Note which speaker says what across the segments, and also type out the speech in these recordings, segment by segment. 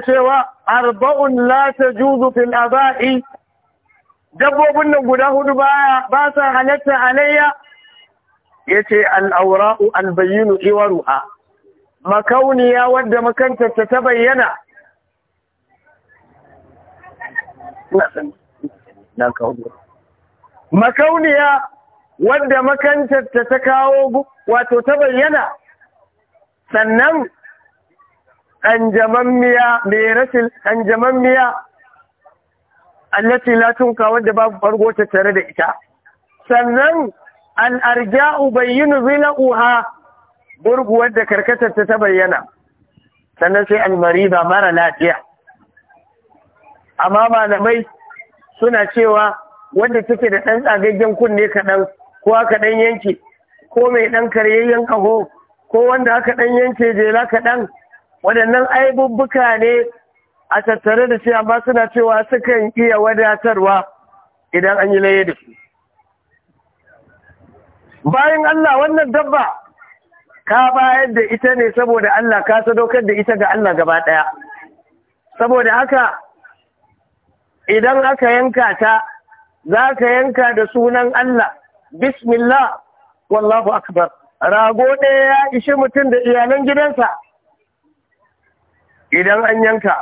Speaker 1: cewa arba'un la tajuzu fil aba'i dabbobin nan guda hudu baya ba sa halatta alayya yace al-awra'u al-bayyinu iwaruha makauniya wadda makanta ta bayyana makauniya wanda makantarta ta kawo wato ta bayyana sannan miya mai rashin miya allati la tunka wadda babu fargo tare da ita sannan arja'u bayyinu zila'uha burgu wadda karkatar ta bayyana sannan sai almariba mara lafiya amma malamai suna cewa wanda take da ɗan tsagaggen kunne kaɗan ko aka ɗan yanke ko mai ɗan karyayyen kaho ko wanda aka ɗan yanke jela kaɗan waɗannan aibubbuka ne a tattare da shi amma suna cewa sukan iya wadatarwa idan an yi laye da su bayan Allah wannan dabba ka bayar da ita ne saboda Allah ka sadaukar da ita ga Allah gaba ɗaya saboda haka idan aka yanka ta za ka yanka da sunan Allah bismillah wallahu akbar rago ɗaya ya ishi mutum da iyalan gidansa idan an yanka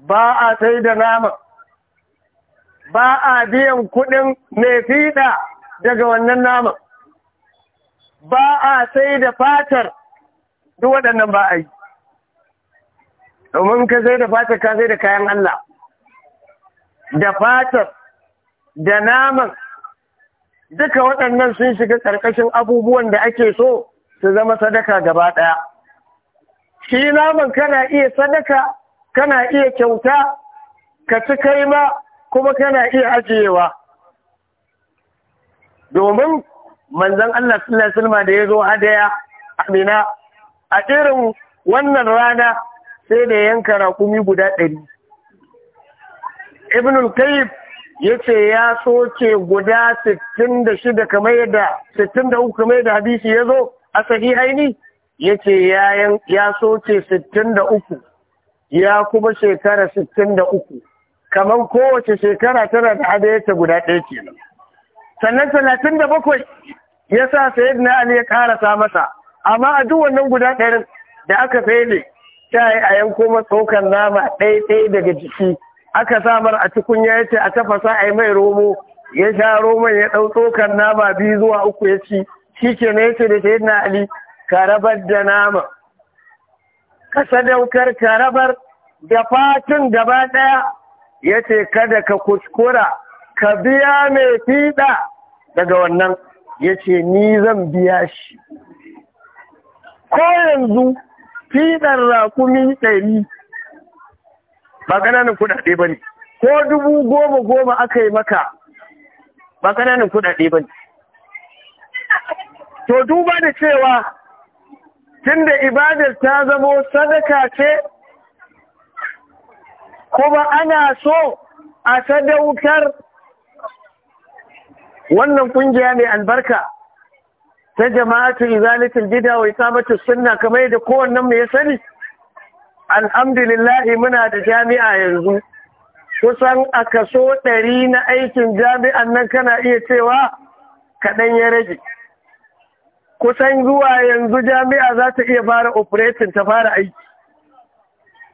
Speaker 1: ba a sai da nama ba a biyan kudin mai fiɗa daga wannan naman ba a sai da fatar duk waɗannan ba a yi domin ka sai da fatar ka sai da kayan Allah da fatar da naman duka waɗannan sun shiga ƙarƙashin abubuwan da ake so su zama sadaka gaba ɗaya shi naman kana iya sadaka kana iya kyauta ka ci kai ma kuma kana iya ajiyewa domin manzan Allah sallallahu alaihi da ya zo hadaya amina a irin wannan rana sai da yanka raƙumi guda ɗari ibn al ya ce ya soke guda 66 kamar yadda 63 kamar yadda hadisi zo a sahihaini yake yayan ya soce 63 ya kuma shekara 63 kamar kowace shekara tana da hadayarta guda ɗaya kenan sannan 37 ya sa na Ali ya karasa masa amma a duk wannan guda ɗayan da aka fele ta yi a yanko matsaukan nama ɗaya ɗaya daga jiki aka samar a tukunya ya ce a tafasa a mai romo ya sha roman ya ɗau tsokan nama biyu zuwa uku ya ci shi ke na yace da na Ali ka rabar da nama ka sadaukar ka rabar da fatin gaba ɗaya ya ce kada ka kuskura ka biya mai fiɗa daga wannan ya ce ni zan biya shi ko yanzu fiɗar rakumi ɗari ba ƙananan kuɗaɗe ba ne ko dubu goma goma aka yi maka ba ƙananan kuɗaɗe ba ne to duba da cewa tunda ibadar ta zamo sadaka ce kuma ana so a sadautar wannan kungiya mai albarka ta jama'atu izalatul bid'a wa iqamatu sunna kamar da kowannen mu ya sani alhamdulillahi muna da jami'a yanzu kusan a kaso ɗari na aikin jami'an nan kana iya cewa kaɗan ya rage kusan zuwa yanzu jami'a za ta iya fara operatin ta fara aiki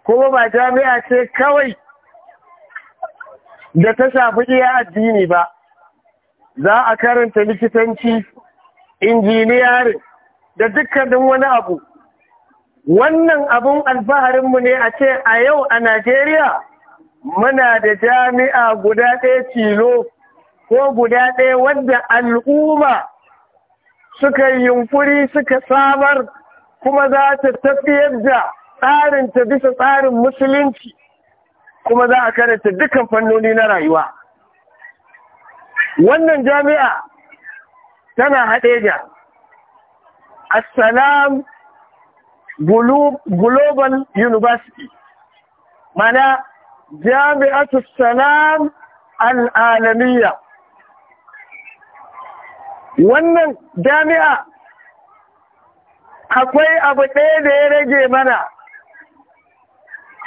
Speaker 1: kuma ba jami'a ce kawai da ta shafi iya addini ba za a karanta likitanci injiniyarin da dukkanin wani abu wannan abun alfaharinmu ne a ce a yau a najeriya muna da jami'a guda ɗaya tilo ko guda ɗaya wadda al'umma suka yi yunfuri suka samar kuma za ta tafiyar da tsarinta bisa tsarin musulunci kuma za a karanta dukkan fannoni na rayuwa wannan jami'a tana haɗe da assalam global university mana jami'atu salam al'alamiyya wannan jami'a akwai abu ɗaya da ya rage mana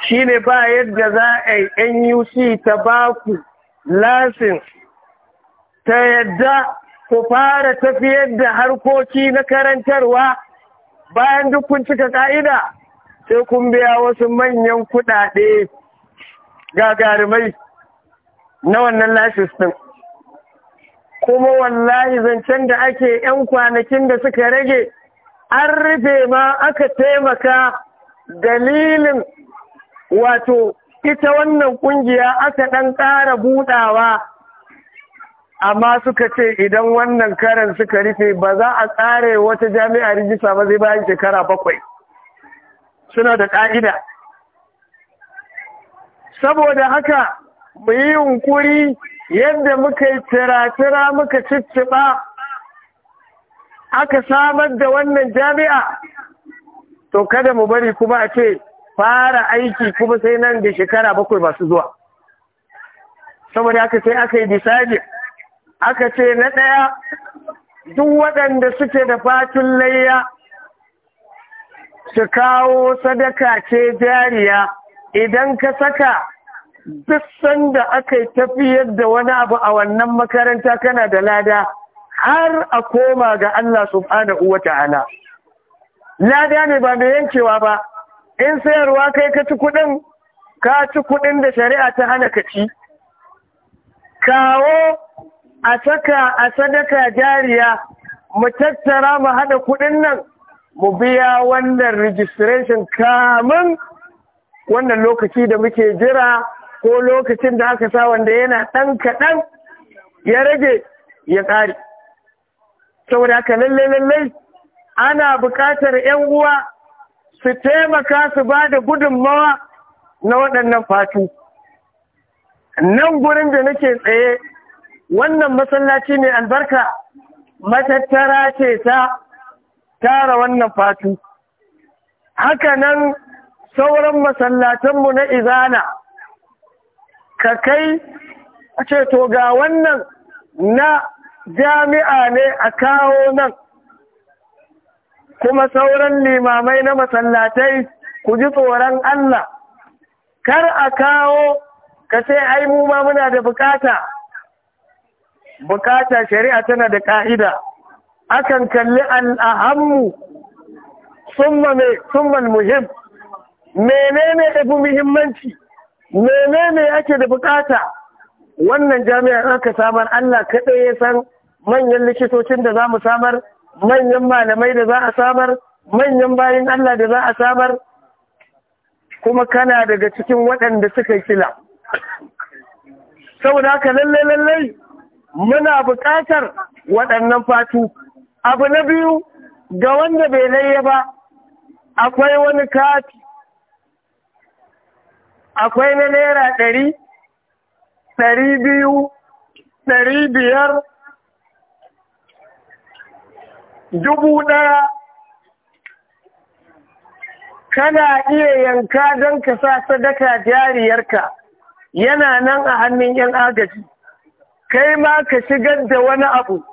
Speaker 1: shi ne ba yadda za a yi nuc ta ba ku lasin ta yadda ku fara tafiyar da harkoki na karantarwa bayan duk kun cika ka'ida sai kun biya wasu manyan kuɗaɗe gagarumai na wannan lasis ɗin. kuma wallahi zancen da ake 'yan kwanakin da suka rage an rufe ma aka taimaka dalilin wato ita wannan kungiya aka ɗan ƙara buɗawa amma suka ce idan wannan karan suka rufe ba za a tsare wata jami'a rijista ba zai bayan shekara bakwai suna da ƙa'ida saboda haka mu yi yunkuri yadda muka yi tira-tira muka cicciɓa aka samar da wannan jami'a to kada mu bari kuma a ce fara aiki kuma sai nan da shekara bakwai masu zuwa saboda aka sai aka yi disajin aka ce na ɗaya duk waɗanda suke da fatin layya su kawo sadaka ce jariya idan ka saka duk sanda aka yi tafiyar da wani abu a wannan makaranta kana da lada har a koma ga Allah subhanahu wa ta'ala. Lada ne ba mai yankewa ba, in sayarwa kai ka ci kuɗin, ka ci kuɗin da shari'a ta hana ka ci. Kawo a saka a sadaka jariya, mu tattara mu haɗa kuɗin nan, mu biya wannan registration kamun wannan lokaci da muke jira. ko lokacin da aka sa wanda yana ɗan kaɗan ya rage ya ƙare saboda haka lallai lallai ana buƙatar 'yan uwa su taimaka su ba da gudunmawa na waɗannan fatu nan gurin da nake tsaye wannan masallaci ne albarka matattara ce ta tara wannan fatu haka nan sauran masallatanmu na izana ka kai a ce to ga wannan na jami'a ne a kawo nan kuma sauran limamai na masallatai ku ji tsoron Allah kar a kawo ka ce ai mu ma muna da bukata bukata shari'a tana da ka'ida akan kalli al'ahammu summa me summa muhim menene fi muhimmanci menene ake da bukata wannan jami'ar aka samar Allah kaɗai ya san manyan likitocin da za mu samar manyan malamai da za a samar manyan bayan Allah da za a samar kuma kana daga cikin waɗanda suka kila saboda haka lallai lallai muna buƙatar waɗannan fatu abu na biyu ga wanda bai layya ba akwai wani kati akwai na naira ɗari ɗari biyu ɗari biyar dubu ɗaya kana iya yanka don ka sa sadaka jariyarka yana nan a hannun 'yan agaji kai ma ka shigar da wani abu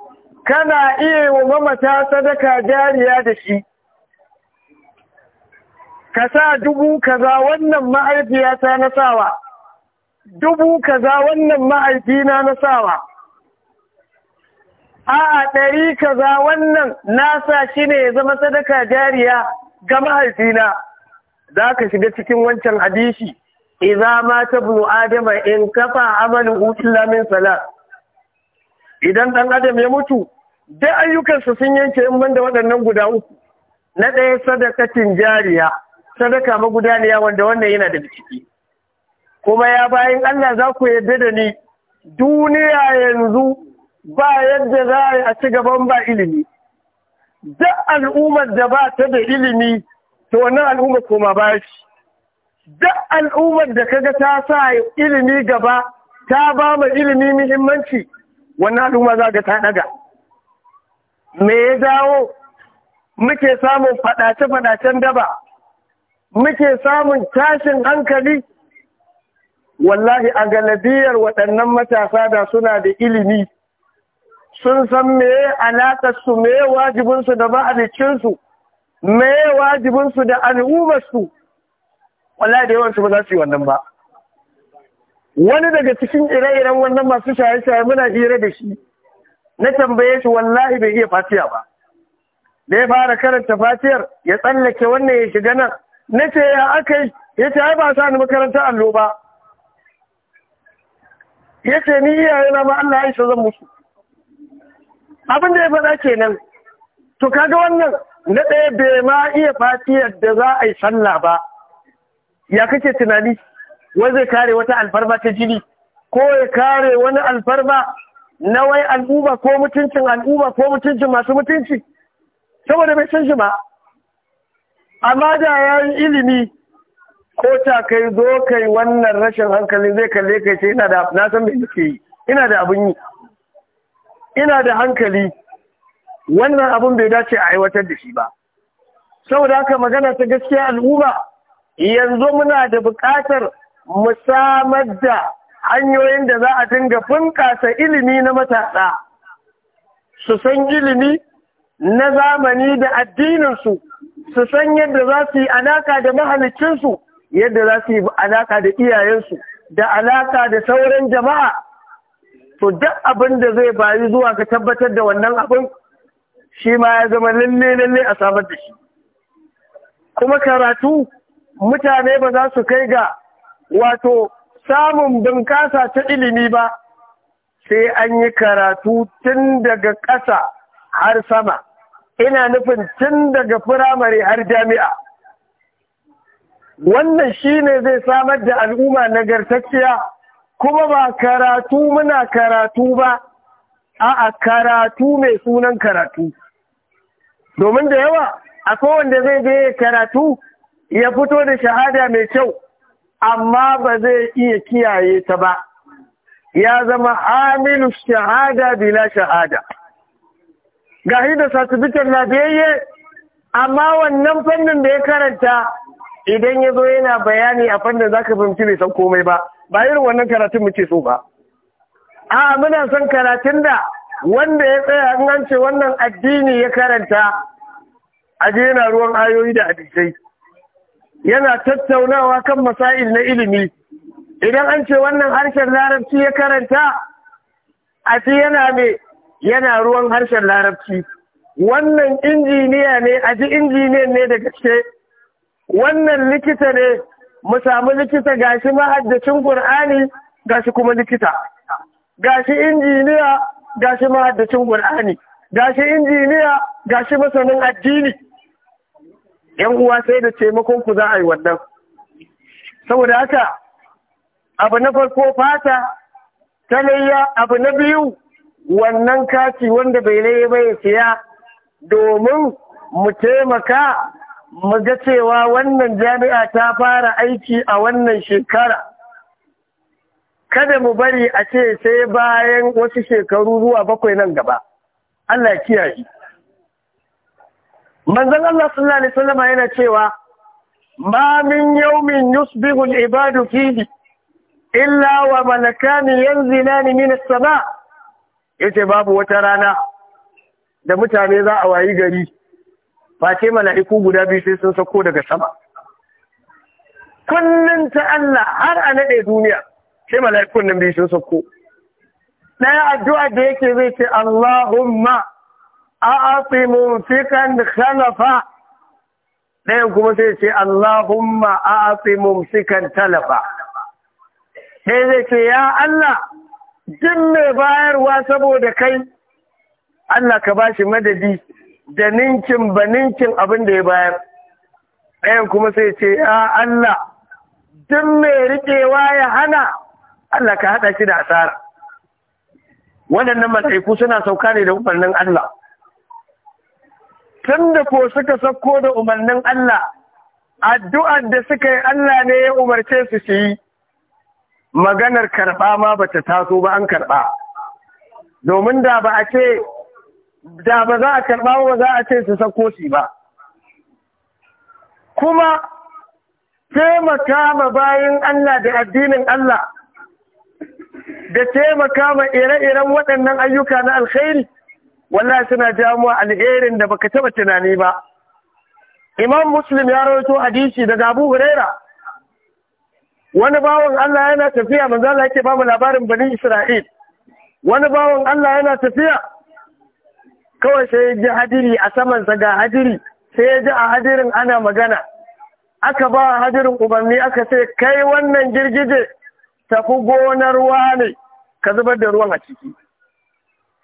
Speaker 1: kana iya yi wa mamata sadaka jariya da shi ka sa dubu kaza wannan ma'aikiya na sawa dubu kaza wannan ma'aiki na a a'a ɗari kaza wannan nasa sa shi ne ya zama sadaka jariya ga ma'aikina. za ka shiga cikin wancan hadisi ma ta bu adama in kafa amalin illa min sala idan ɗan adam ya mutu duk ayyukansa sun yanke in banda waɗannan guda uku na ɗaya sadakacin jariya sadaka magudaniya wanda wannan yana da ciki kuma ya bayan Allah za ku yadda da ni duniya yanzu ba yadda za a ci gaban ba ilimi Da al'ummar da ba ta da ilimi to wannan al'ummar koma ba shi Da al'ummar da kaga ta sa ilimi gaba ta ba mu ilimi muhimmanci wannan al'umma za ga ta daga me ya dawo muke samun fadace-fadacen daba muke samun tashin hankali wallahi a galabiyar waɗannan matasa da suna da ilimi sun san meye alaƙarsu meye wajibinsu da ma'alicinsu meye wajibinsu da al'ummarsu wallahi da yawansu ba za su yi wannan ba wani daga cikin ire-iren wannan masu shaye-shaye muna hira da shi na tambaye shi wallahi bai iya fatiya ba da ya fara karanta fatiyar ya tsallake wannan ya shiga nan na ce ya aka yi ya ce ai ba sa ni makarantar allo ba ya ce ni iyaye na ba Allah ya zan musu abin da ya faɗa kenan to kaga wannan na ɗaya bai ma iya fati yadda za a yi sallah ba ya kake tunani wai zai kare wata alfarma ta jini ko ya kare wani alfarma na wai al'umma ko mutuncin al'umma ko mutuncin masu mutunci saboda bai san shi amma da ya yi ilimi ko ta kai zo kai wannan rashin hankali zai kalle kai ce ina da na san me nake yi ina da abin yi ina da hankali wannan abin bai dace a aiwatar da shi ba saboda haka magana ta gaskiya al'umma yanzu muna da buƙatar mu samar da hanyoyin da za a dinga bunƙasa ilimi na matasa su san ilimi na zamani da addininsu su san yadda za su yi alaka da mahalicinsu yadda za su yi alaka da iyayensu da alaka da sauran jama'a to duk abin da zai bayi zuwa ka tabbatar da wannan abin shi ma ya zama lalle lalle a samar da shi kuma karatu mutane ba za su kai ga wato samun bunkasa ta ilimi ba sai an yi karatu tun daga ƙasa har sama ina nufin tun daga firamare har jami'a wannan shi ne zai samar da al'umma nagartacciya kuma ba karatu muna karatu ba a'a karatu mai sunan karatu domin da yawa akwai wanda zai je karatu ya fito da shahada mai kyau amma ba zai iya kiyaye ta ba ya zama amilu shahada bila shahada ga shi da sasibitin lafiyayye amma wannan fannin da ya karanta idan ya zo yana bayani a fannin za ka fahimci bai san komai ba ba irin wannan karatun muke so ba a muna son karatun da wanda ya tsaya in an ce wannan addini ya karanta a yana ruwan ayoyi da hadisai yana tattaunawa kan masail na ilimi idan an ce wannan harshen larabci ya karanta a yana mai yana ruwan harshen larabci wannan injiniya ne a ji injiniyan ne da gaske wannan likita ne mu samu likita gashi mahaddacin qur'ani gashi kuma likita gashi injiniya gashi mahaddacin qur'ani gashi injiniya gashi masanin addini yan uwa sai da taimakon ku za a yi wannan saboda haka abu na farko fata ta layya abu na biyu wannan kati wanda bai laye ba ya siya domin mu taimaka mu ga cewa wannan jami'a ta fara aiki a wannan shekara kada mu bari a ce sai bayan wasu shekaru zuwa bakwai nan gaba Allah kiyaye manzon Allah sallallahu alaihi wasallam yana cewa ma min yawmin yusbihu al-ibadu fihi illa wa malakani yanzilani min as-sama' yace babu wata rana da mutane za a wayi gari face mala'iku guda biyu sai sun sako daga sama kullun ta Allah har a nade duniya sai mala'ikun nan biyu sun sako ɗaya addu'a da yake zai ce Allahumma a'ti mumsikan khalafa ɗaya kuma sai ce Allahumma a'ti mumsikan talafa sai zai ce ya Allah duk mai bayarwa saboda kai Allah ka bashi madadi da ninkin ba ninkin abin da ya bayar ɗayan kuma sai ce ya Allah duk mai riƙewa ya hana Allah ka haɗa shi da asara waɗannan matsaiku suna sauka ne da umarnin Allah tun da ko suka sauko da umarnin Allah addu'ar da suka yi Allah ne ya umarce su su yi maganar karɓa ma ba ta taso ba an karɓa domin da ba a ce da ba za a karɓa ba za a ce su sako shi ba kuma taimaka ma bayan Allah da addinin Allah da taimaka ma ire-iren waɗannan ayyuka na alkhairi wallahi suna jamuwa alherin da baka taɓa tunani ba imam muslim ya rawaito hadisi daga abu huraira wani bawan Allah yana tafiya manzo Allah yake ba mu labarin bani Isra'il wani bawan Allah yana tafiya kawai sai ya ji hadiri a saman sa ga hadiri sai ya ji a hadirin ana magana aka ba hadirin umarni aka ce kai wannan girgije tafi gonar ruwa ne ka zubar da ruwan a ciki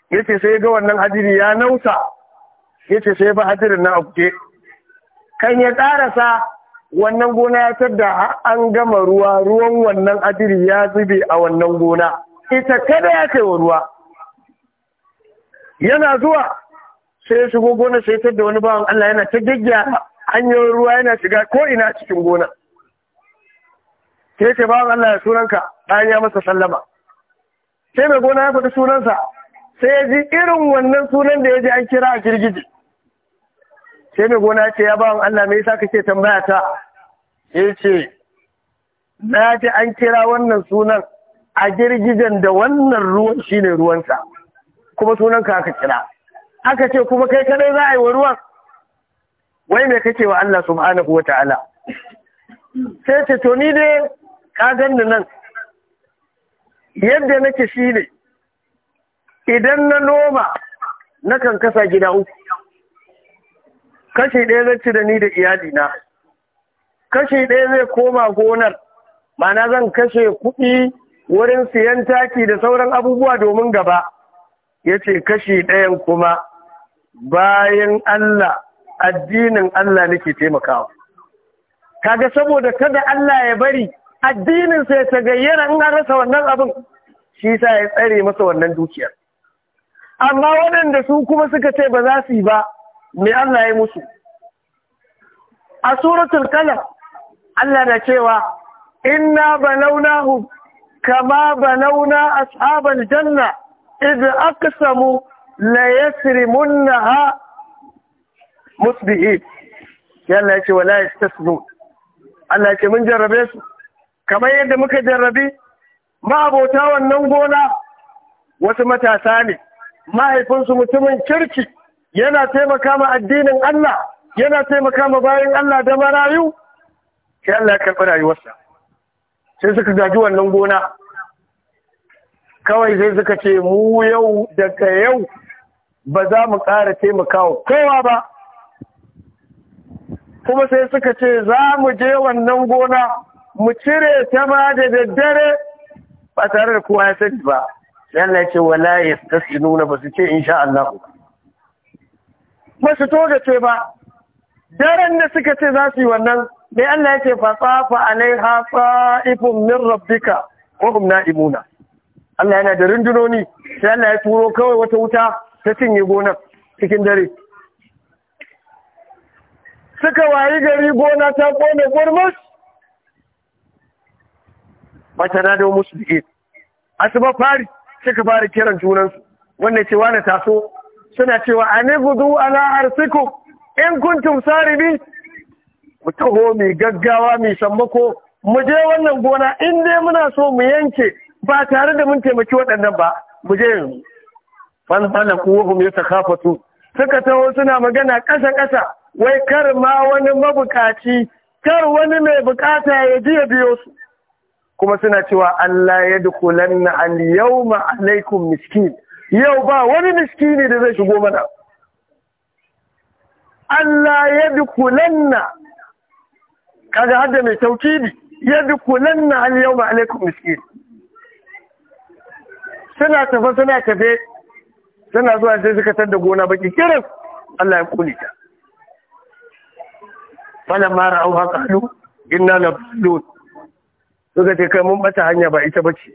Speaker 1: yace sai ga wannan hadiri ya nausa yace sai ba hadirin na abuke kan ya karasa wannan gona ya tadda an gama ruwa ruwan wannan adiri ya zube a wannan gona ita kada ya kai wa ruwa yana zuwa sai ya shigo gona sai tadda wani bawan Allah yana ta gaggiya hanyoyin ruwa yana shiga ko ina cikin gona sai ce bawan Allah ya sunanka bayan ya masa sallama sai mai gona ya faɗi sunansa sai ya ji irin wannan sunan da ya ji an kira a girgije sai mai gona ce ya ba wa Allah me yasa kake tambaya ta yace ce na ji an kira wannan sunan a girgijen da wannan ruwan shine ruwansa kuma sunan ka aka kira aka ce kuma kai kadai za a yi wa ruwan wai me kake wa Allah subhanahu wa ta'ala sai ce to ni dai ka ganni nan yadda nake shi ne idan na noma na kan kasa gida uku kashi ɗaya zai ci da ni da iyalina kashi ɗaya zai koma gonar mana zan kashe kuɗi wurin siyan taki da sauran abubuwa domin gaba ya ce kashi ɗayan kuma bayan Allah addinin Allah nake taimakawa kaga saboda kada Allah ya bari addinin sai ta gayyana in an rasa wannan abin shi sa ya tsare masa wannan dukiyar amma waɗanda su kuma suka ce ba za su yi ba Mai Allah ya musu a suratul kalam Allah na cewa inna hu, kama ba a tsaban janna idan aka samu id aqsamu ha yasrimunha musbihi yalla ce wala yastasnu Allah ya ce mun jarrabe su kamar yadda muka jarrabi ma'abota wannan gona wasu matasa ne mahaifinsu mutumin kirki yana taimaka ma addinin Allah yana taimaka ma bayan Allah da marayu sai Allah ya karɓi rayuwarsa sai suka gaji wannan gona kawai sai suka ce mu yau daga yau ba za mu ƙara taimakawa kowa ba kuma sai suka ce za mu je wannan gona mu cire ta ma da daddare ba tare da kowa ya sani ba ya ce wala ya tasinu na ba su ce insha Allah ba. ba su togace ba daren da suka ce za su yi wannan mai Allah yake fasa fa tsafa ha tsa'ifun min rabbika wa hum na'imuna Allah yana da rundunoni sai Allah ya turo kawai wata wuta ta cinye gona cikin dare suka wayi gari gona ta kone gurmus mata na da musu dike asuba fari suka fara kiran junansu wannan ce wani taso suna cewa "A gudu ala arsiku in kuntum saribi Ku taho mai gaggawa mai sammako mu je wannan gona in dai muna so mu yanke ba tare da mun taimaki waɗannan ba mu je yanzu fanfana kuwahum ya sakafatu suka taho suna magana ƙasa ƙasa wai kar ma wani mabukaci kar wani mai bukata ya ji ya biyo su kuma suna cewa Allah ya dukulanna al yawma alaikum miskin yau ba wani miski ne da zai shigo mana Allah ya dukulanna kaga hada mai taukidi ya dukulanna hal yau ma alaikum miski. suna tafe suna tafe suna zuwa sai suka tar da gona baki kiran Allah ya kuli ta falamma ra'awha qalu inna labdud suka ce kai mun bata hanya ba ita bace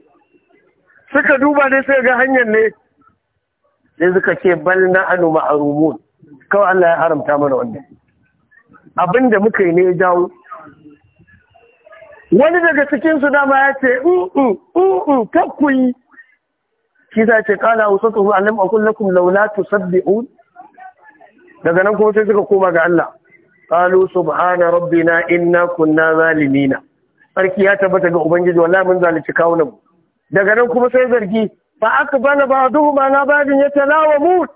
Speaker 1: suka duba ne sai ga hanyar ne sai suka ce bal na na'anu ma'rumun kawai Allah ya haramta mana wannan da muka yi ne ya jawo wani daga cikin su dama ya ce in mm, in mm, mm, kakkuyi shi ta ce kala usatu alim aqul lakum laula tusabbihun daga nan kuma sai suka koma ga Allah qalu subhana rabbina inna kunna zalimina sarki ya tabbata ga ubangiji wallahi mun zalunci kawunan daga nan kuma sai zargi ba aka bana ba duhu ma na babin ya talawa mu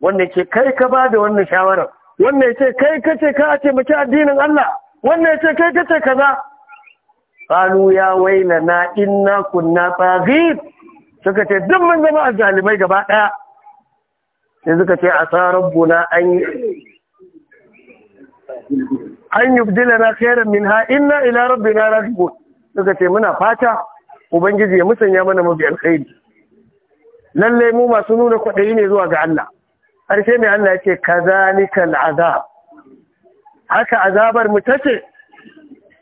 Speaker 1: wanda ke kai ka ba da wannan shawarar wannan ya ce kai ka ce ka a taimaki addinin Allah wannan ya ce kai ka ce kaza qalu ya wailana inna kunna taghib suka ce duk mun zama azzalimai gaba ɗaya. sai suka ce asa rabbuna an an yubdilana khairan minha inna ila rabbina raji'un suka ce muna fata ubangiji ya musanya mana mafi alkhairi lalle mu masu nuna kwaɗayi ne zuwa ga Allah ƙarshe mai Allah yake kazalikal azab haka azabar mu tace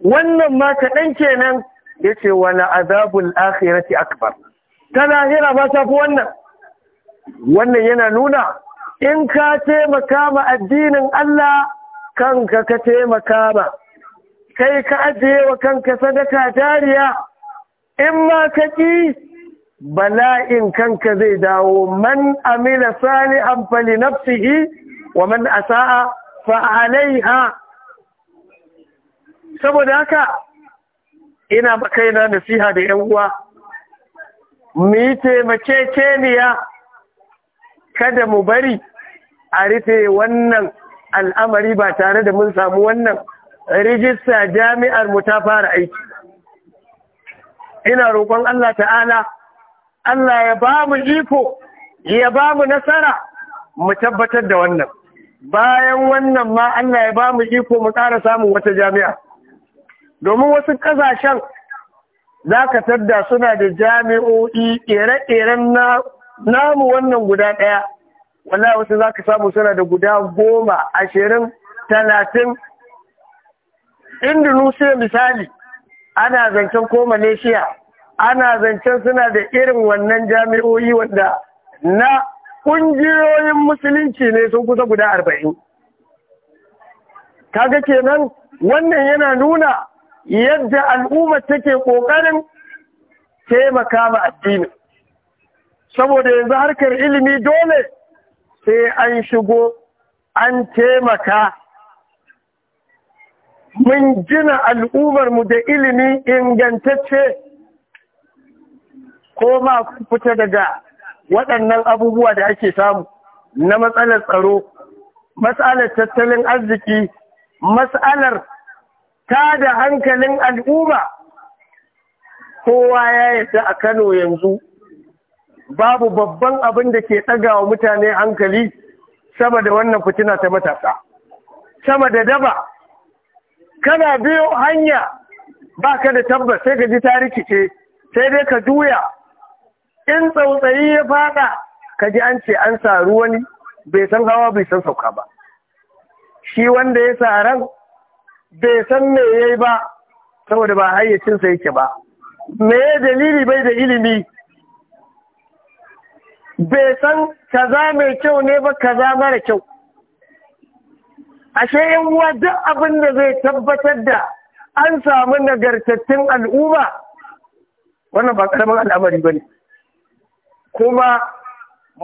Speaker 1: wannan ma kaɗan kenan yace wala azabul akhirati akbar ta lahira ba ta fi wannan wannan yana nuna in ka taimaka ma addinin Allah kanka ka taimaka ma kai ka ajiye wa kanka sadaka jariya in ma ka ƙi bala'in kanka zai dawo man Sani an fali nafsihi wa man asa'a fa alaiha saboda haka ina makaina nasiha da yan uwa mu yi taimakekeniya kada mu bari a rufe wannan al'amari ba tare da mun samu wannan rijista jami'ar mu ta fara aiki ina roƙon Allah ta'ala Allah ya ba mu iko ya ba mu nasara mu tabbatar da wannan bayan wannan ma Allah ya ba mu iko mu ƙara samun wata jami'a domin wasu ƙasashen za ka tadda suna da jami'o'i ire-iren namu wannan guda ɗaya wallahi wasu za ka samu suna da guda goma ashirin talatin indonesia misali ana zancen ko malaysia ana zancen suna da irin wannan jami'o'i wanda na ƙungiyoyin musulunci ne sun kusa guda arba'in kaga kenan wannan yana nuna yadda al'ummar take ƙoƙarin taimaka ma addini. saboda yanzu harkar ilimi dole sai an shigo an taimaka mun gina al'ummarmu da ilimi ingantacce ko ma fita daga waɗannan abubuwa da ake samu na matsalar tsaro matsalar tattalin arziki matsalar ta da hankalin al'umma kowa ya yadda a kano yanzu babu babban abin da ke wa mutane hankali sama da wannan fitina ta matasa sama da daba kana biyo hanya ba ka da tabbas sai ka ji ta rikice sai dai ka juya in tsautsayi ya fada ka ji an ce an sa wani. bai san hawa bai san sauka ba shi wanda ya saran bai san me yayi ba saboda ba hayyacinsa yake ba me ya dalili bai da ilimi bai san kaza mai kyau ne ba kaza mara kyau ashe yan uwa duk abin da zai tabbatar da an samu nagartattun al'umma wannan ba karamin al'amari ba ne kuma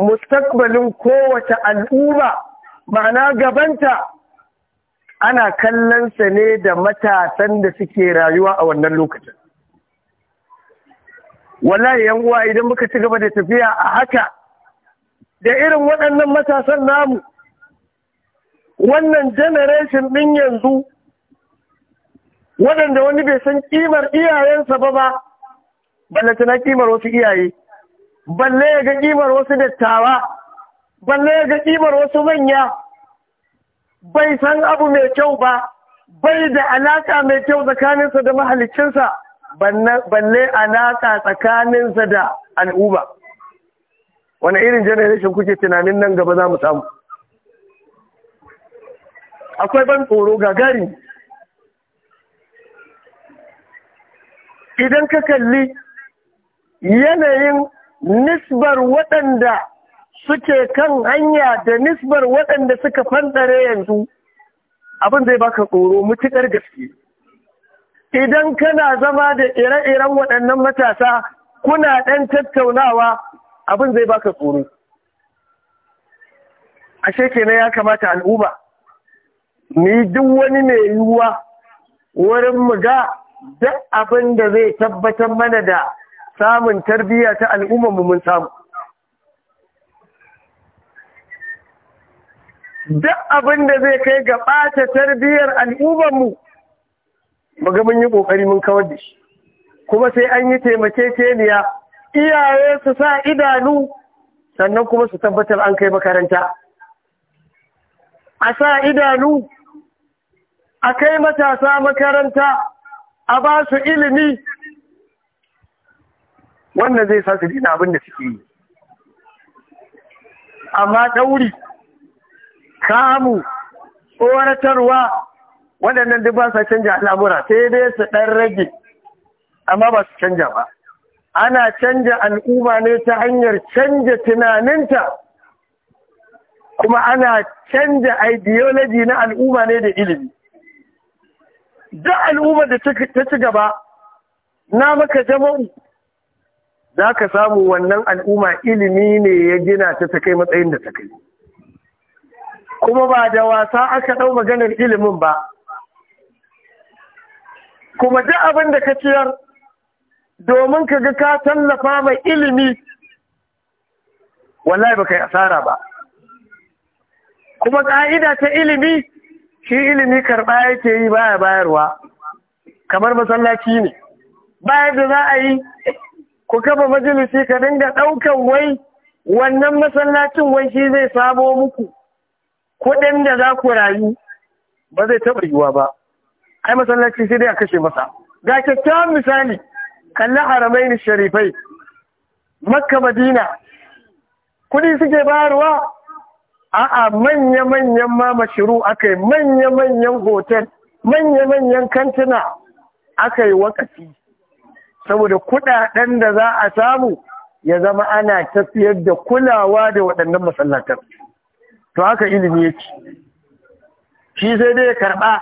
Speaker 1: mustakbalin kowace al'umma ma'ana gabanta ana kallonsa ne da matasan da suke rayuwa a wannan lokacin wallahi yan uwa idan muka ci gaba da tafiya a haka da irin waɗannan matasan namu wannan generation ɗin yanzu waɗanda wani bai san ƙimar iyayensa ba ba ballantana ƙimar wasu iyaye balle ya ga kimar wasu dattawa balle ya ga kimar wasu manya bai san abu mai kyau ba bai da alaka mai kyau tsakaninsa da mahalicinsa balle alaka tsakaninsa da al'umma wani irin generation kuke tunanin nan gaba za mu samu akwai ban tsoro gagari idan ka kalli yanayin nisbar waɗanda suke kan hanya da nisbar waɗanda suka fanɗare yanzu abin zai baka tsoro mutuƙar gaske idan kana zama da ire-iren waɗannan matasa kuna ɗan tattaunawa abin zai baka tsoro ashe kenan ya kamata al'umma ni duk wani mai yiwuwa wurin mu ga duk abin da zai tabbatar mana da samun tarbiyya ta al'ummar mu mun samu duk abin da zai kai ga ɓata tarbiyyar al'ummar mu muga mun yi ƙoƙari mun kawar da shi kuma sai an yi taimake taimakekeniya iyaye su sa idanu sannan kuma su tabbatar an kai makaranta a sa idanu a kai matasa makaranta a ba su ilimi wannan zai sa su dina abin da suke yi amma ɗauri kamu tsoratarwa waɗannan duk ba sa canja al'amura sai dai su ɗan rage amma ba su canja ba ana canja al'umma ne ta hanyar canja tunaninta kuma ana canja ideology na al'umma ne da ilimi duk al'umma da ta ci gaba na maka jama'u za ka samu wannan al'umma ilimi ne ya gina ta ta kai matsayin da ta kai kuma ba da wasa aka ɗau maganar ilimin ba kuma duk abin da ka ciyar domin ka ga ka tallafa mai ilimi wallahi ba kai asara ba kuma ƙa'ida ta ilimi shi ilimi karɓa yake yi baya bayarwa kamar masallaci ne bayan da za a yi ku kafa majalisi ka dinga ɗaukan wai wannan masallacin wai shi zai sabo muku kuɗin da za ku rayu ba zai taɓa yiwuwa ba ai masallaci sai dai a kashe masa ga kyakkyawan misali kalli ni sharifai makka madina kuɗi suke bayarwa a'a manya-manyan ma mashiru aka yi manya-manyan hotel manya-manyan kantuna aka yi wakafi saboda kuɗaɗen da za a samu ya zama ana tafiyar da kulawa da waɗannan masallatan to haka ilimi ya ci. shi sai dai karɓa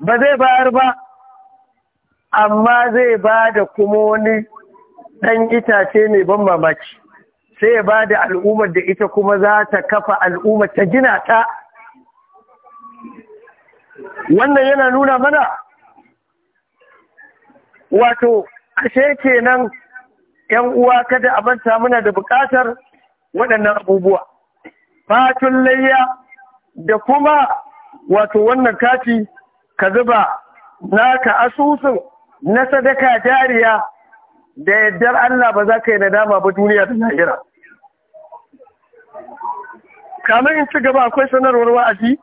Speaker 1: ba zai bayar ba amma zai ba da kuma wani ɗan itace mai ban mamaki sai ya ba da al'ummar da ita kuma za ta kafa al'ummar ta gina ta wannan yana nuna mana wato ashe kenan yan uwa kada a banta muna da buƙatar waɗannan abubuwa fatun layya da kuma wato wannan kati ka zuba naka asusun na sadaka jariya da yaddar Allah ba za ka yi nadama ba duniya da lahira kamar in ci gaba akwai sanarwar wa'azi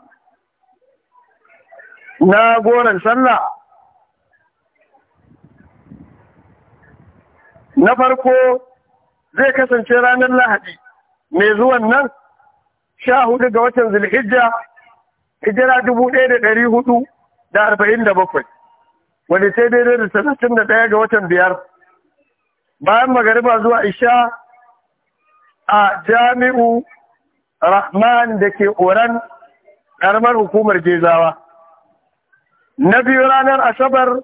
Speaker 1: na goron sallah na farko zai kasance ranar lahadi mai zuwan nan sha hudu ga watan zulhijja hijira dubu ɗaya da ɗari hudu da arba'in da bakwai wani sai daidai da talatin da ɗaya ga watan biyar bayan magariba zuwa isha a jami'u rahman da ke oran ƙaramar hukumar gezawa na biyu ranar asabar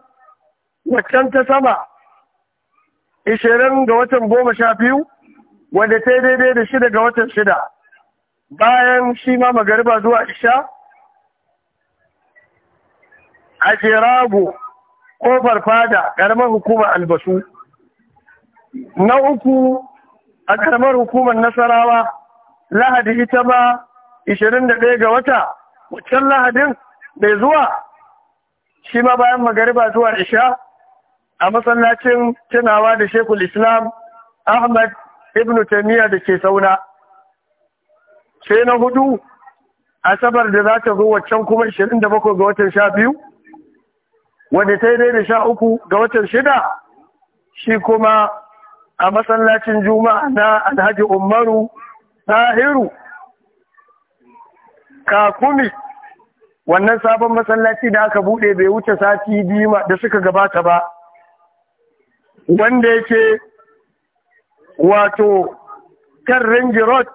Speaker 1: waccan ta sama ishirin ga watan goma sha biyu wanda ta daidai da shida ga watan shida bayan shi ma magariba zuwa isha a jerago kofar fada ƙaramar hukumar albasu na uku a ƙaramar hukumar nasarawa lahadi ita ma ɗaya ga wata waccan lahadin bai zuwa shi ma bayan magariba zuwa isha a masallacin tunawa da Shekul Islam Ahmad Ibn Taymiyyah da ke sauna. Sai na hudu, Asabar da za ta zo waccan kuma 27 ga watan sha biyu, wadda ta yi dai da sha uku ga watan shida, shi kuma a masallacin Juma'a na Alhaji Umaru Tahiru, Kakumi, wannan sabon masallaci da aka buɗe bai wuce sati biyu da suka gabata ba. wanda yake wato kan Rangi road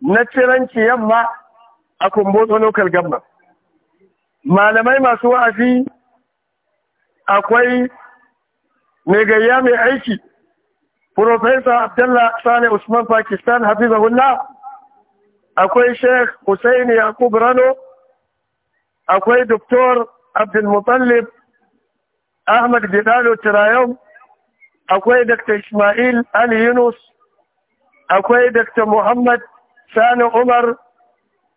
Speaker 1: na ciranci yamma a kumbotso local government malamai masu wa'azi akwai mai gayya mai aiki Profesa Abdullah Sani Usman Pakistan Hafizahullah akwai Sheikh Hussein Yakub Rano akwai Dr. Abdulmutallib Ahmad Gidalo Tirayom akwai Dr. Ismail Ali Yunus, akwai Dr. Muhammad Sani Umar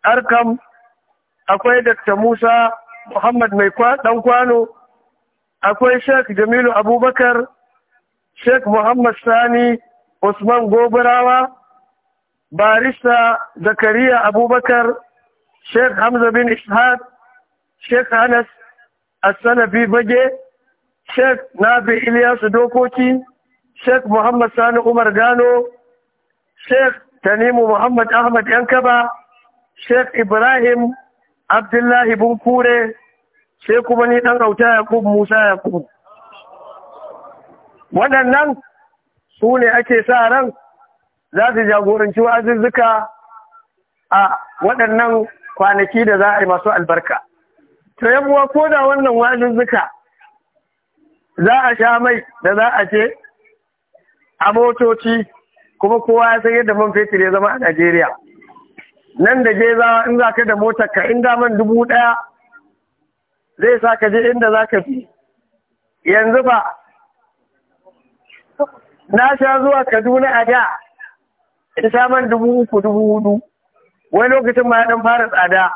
Speaker 1: Arkam, akwai Dr. Musa Muhammad Mai ɗan kwano, akwai Sheikh Jamilu Abubakar, Sheikh Muhammad Sani Usman Gobarawa, Barista Zakariya Abubakar, Sheikh Hamza bin Ishaq, Sheikh Anas Assalabi Bage, Sheikh Nabi Ilyasu Dokoki, Sheikh Muhammad Sani Umar Gano, Sheikh Tanimu Muhammad Ahmad Yankaba, Sheikh Ibrahim Abdullahi Bunkure, sai kuma ni ɗan auta Yakub Musa Yakub. Waɗannan su ne ake sa ran za su jagoranci wa'azuzzuka a waɗannan kwanaki da za a yi masu albarka. To yabuwa ko da wannan wa'azuzzuka za a sha mai da za a ce a motoci kuma kowa ya san yadda man fetur ya zama a Najeriya nan da je za in za ka da motar ka in daman dubu ɗaya zai sa ka je inda za ka fi yanzu ba na sha zuwa Kaduna a da in sha man dubu uku dubu hudu wani lokacin ma ya dan fara tsada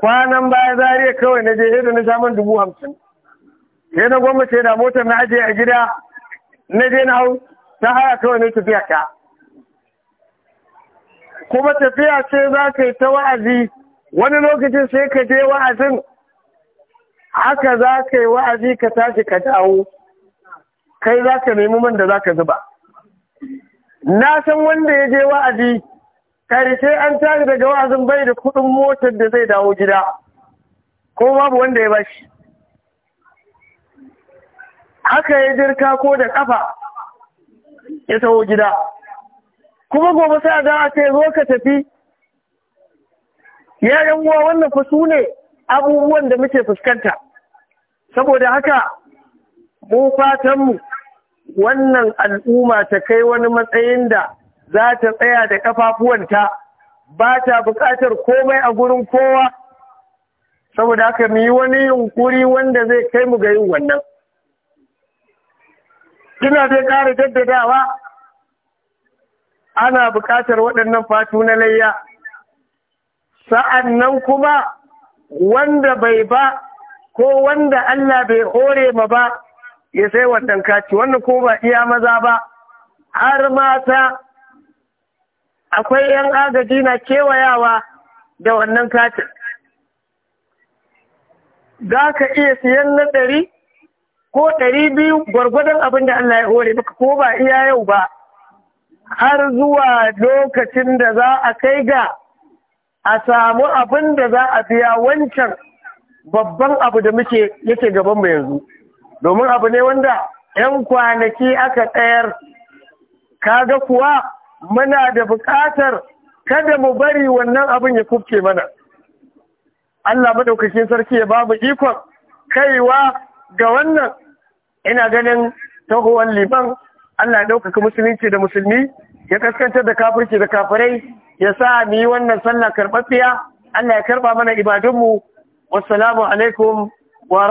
Speaker 1: kwanan baya zariya kawai na je irin na sha man dubu hamsin sai na gwamnati na motar na ajiye a gida na je na hau ta haya kawai ne tafiya ta kuma tafiya ce za ka yi ta wa'azi wani lokacin sai ka je wa'azin haka za ka yi wa'azi ka tashi ka dawo kai za ka nemi man da za ka zuba na san wanda ya je wa'azi karshe an tashi daga wa'azin bai da kuɗin motar da zai dawo gida ko babu wanda ya bashi haka ya jirka ko da kafa ya taho gida kuma gobe sa a ga a ce zo ka tafi ya uwa, wannan fa su ne abubuwan da muke fuskanta saboda haka mu fatanmu wannan al'umma ta kai wani matsayin da za ta tsaya da kafafuwanta ba ta buƙatar komai a gurin kowa saboda haka mu yi wani yunkuri wanda zai kai mu ga yin wannan Kina dai ƙara jaddadawa ana buƙatar waɗannan fatu na layya. Sa'an nan kuma wanda bai ba ko wanda Allah bai hore ma ba ya sai wannan kaci wannan ko ba iya maza ba har mata akwai ‘yan agaji na kewayawa da wannan katin. Za ka iya siyan na ɗari ko ɗari biyu gwargwadon abin da Allah ya hore maka ko ba iya yau ba har zuwa lokacin da za a kai ga a samu abin da za a biya wancan babban abu da muke yake gaban mu yanzu domin abu ne wanda 'yan kwanaki aka tsayar kaga kuwa muna da buƙatar kada mu bari wannan abin ya kufce mana Allah maɗaukakin sarki ya babu ikon kaiwa ga wannan ina ganin tahowar liban Allah ya ɗaukaka musulunci da musulmi ya kaskantar da kafirci da kafirai ya sa mu yi wannan sallah karɓaɓɓiya Allah ya karɓa mana ibadunmu wassalamu alaikum wa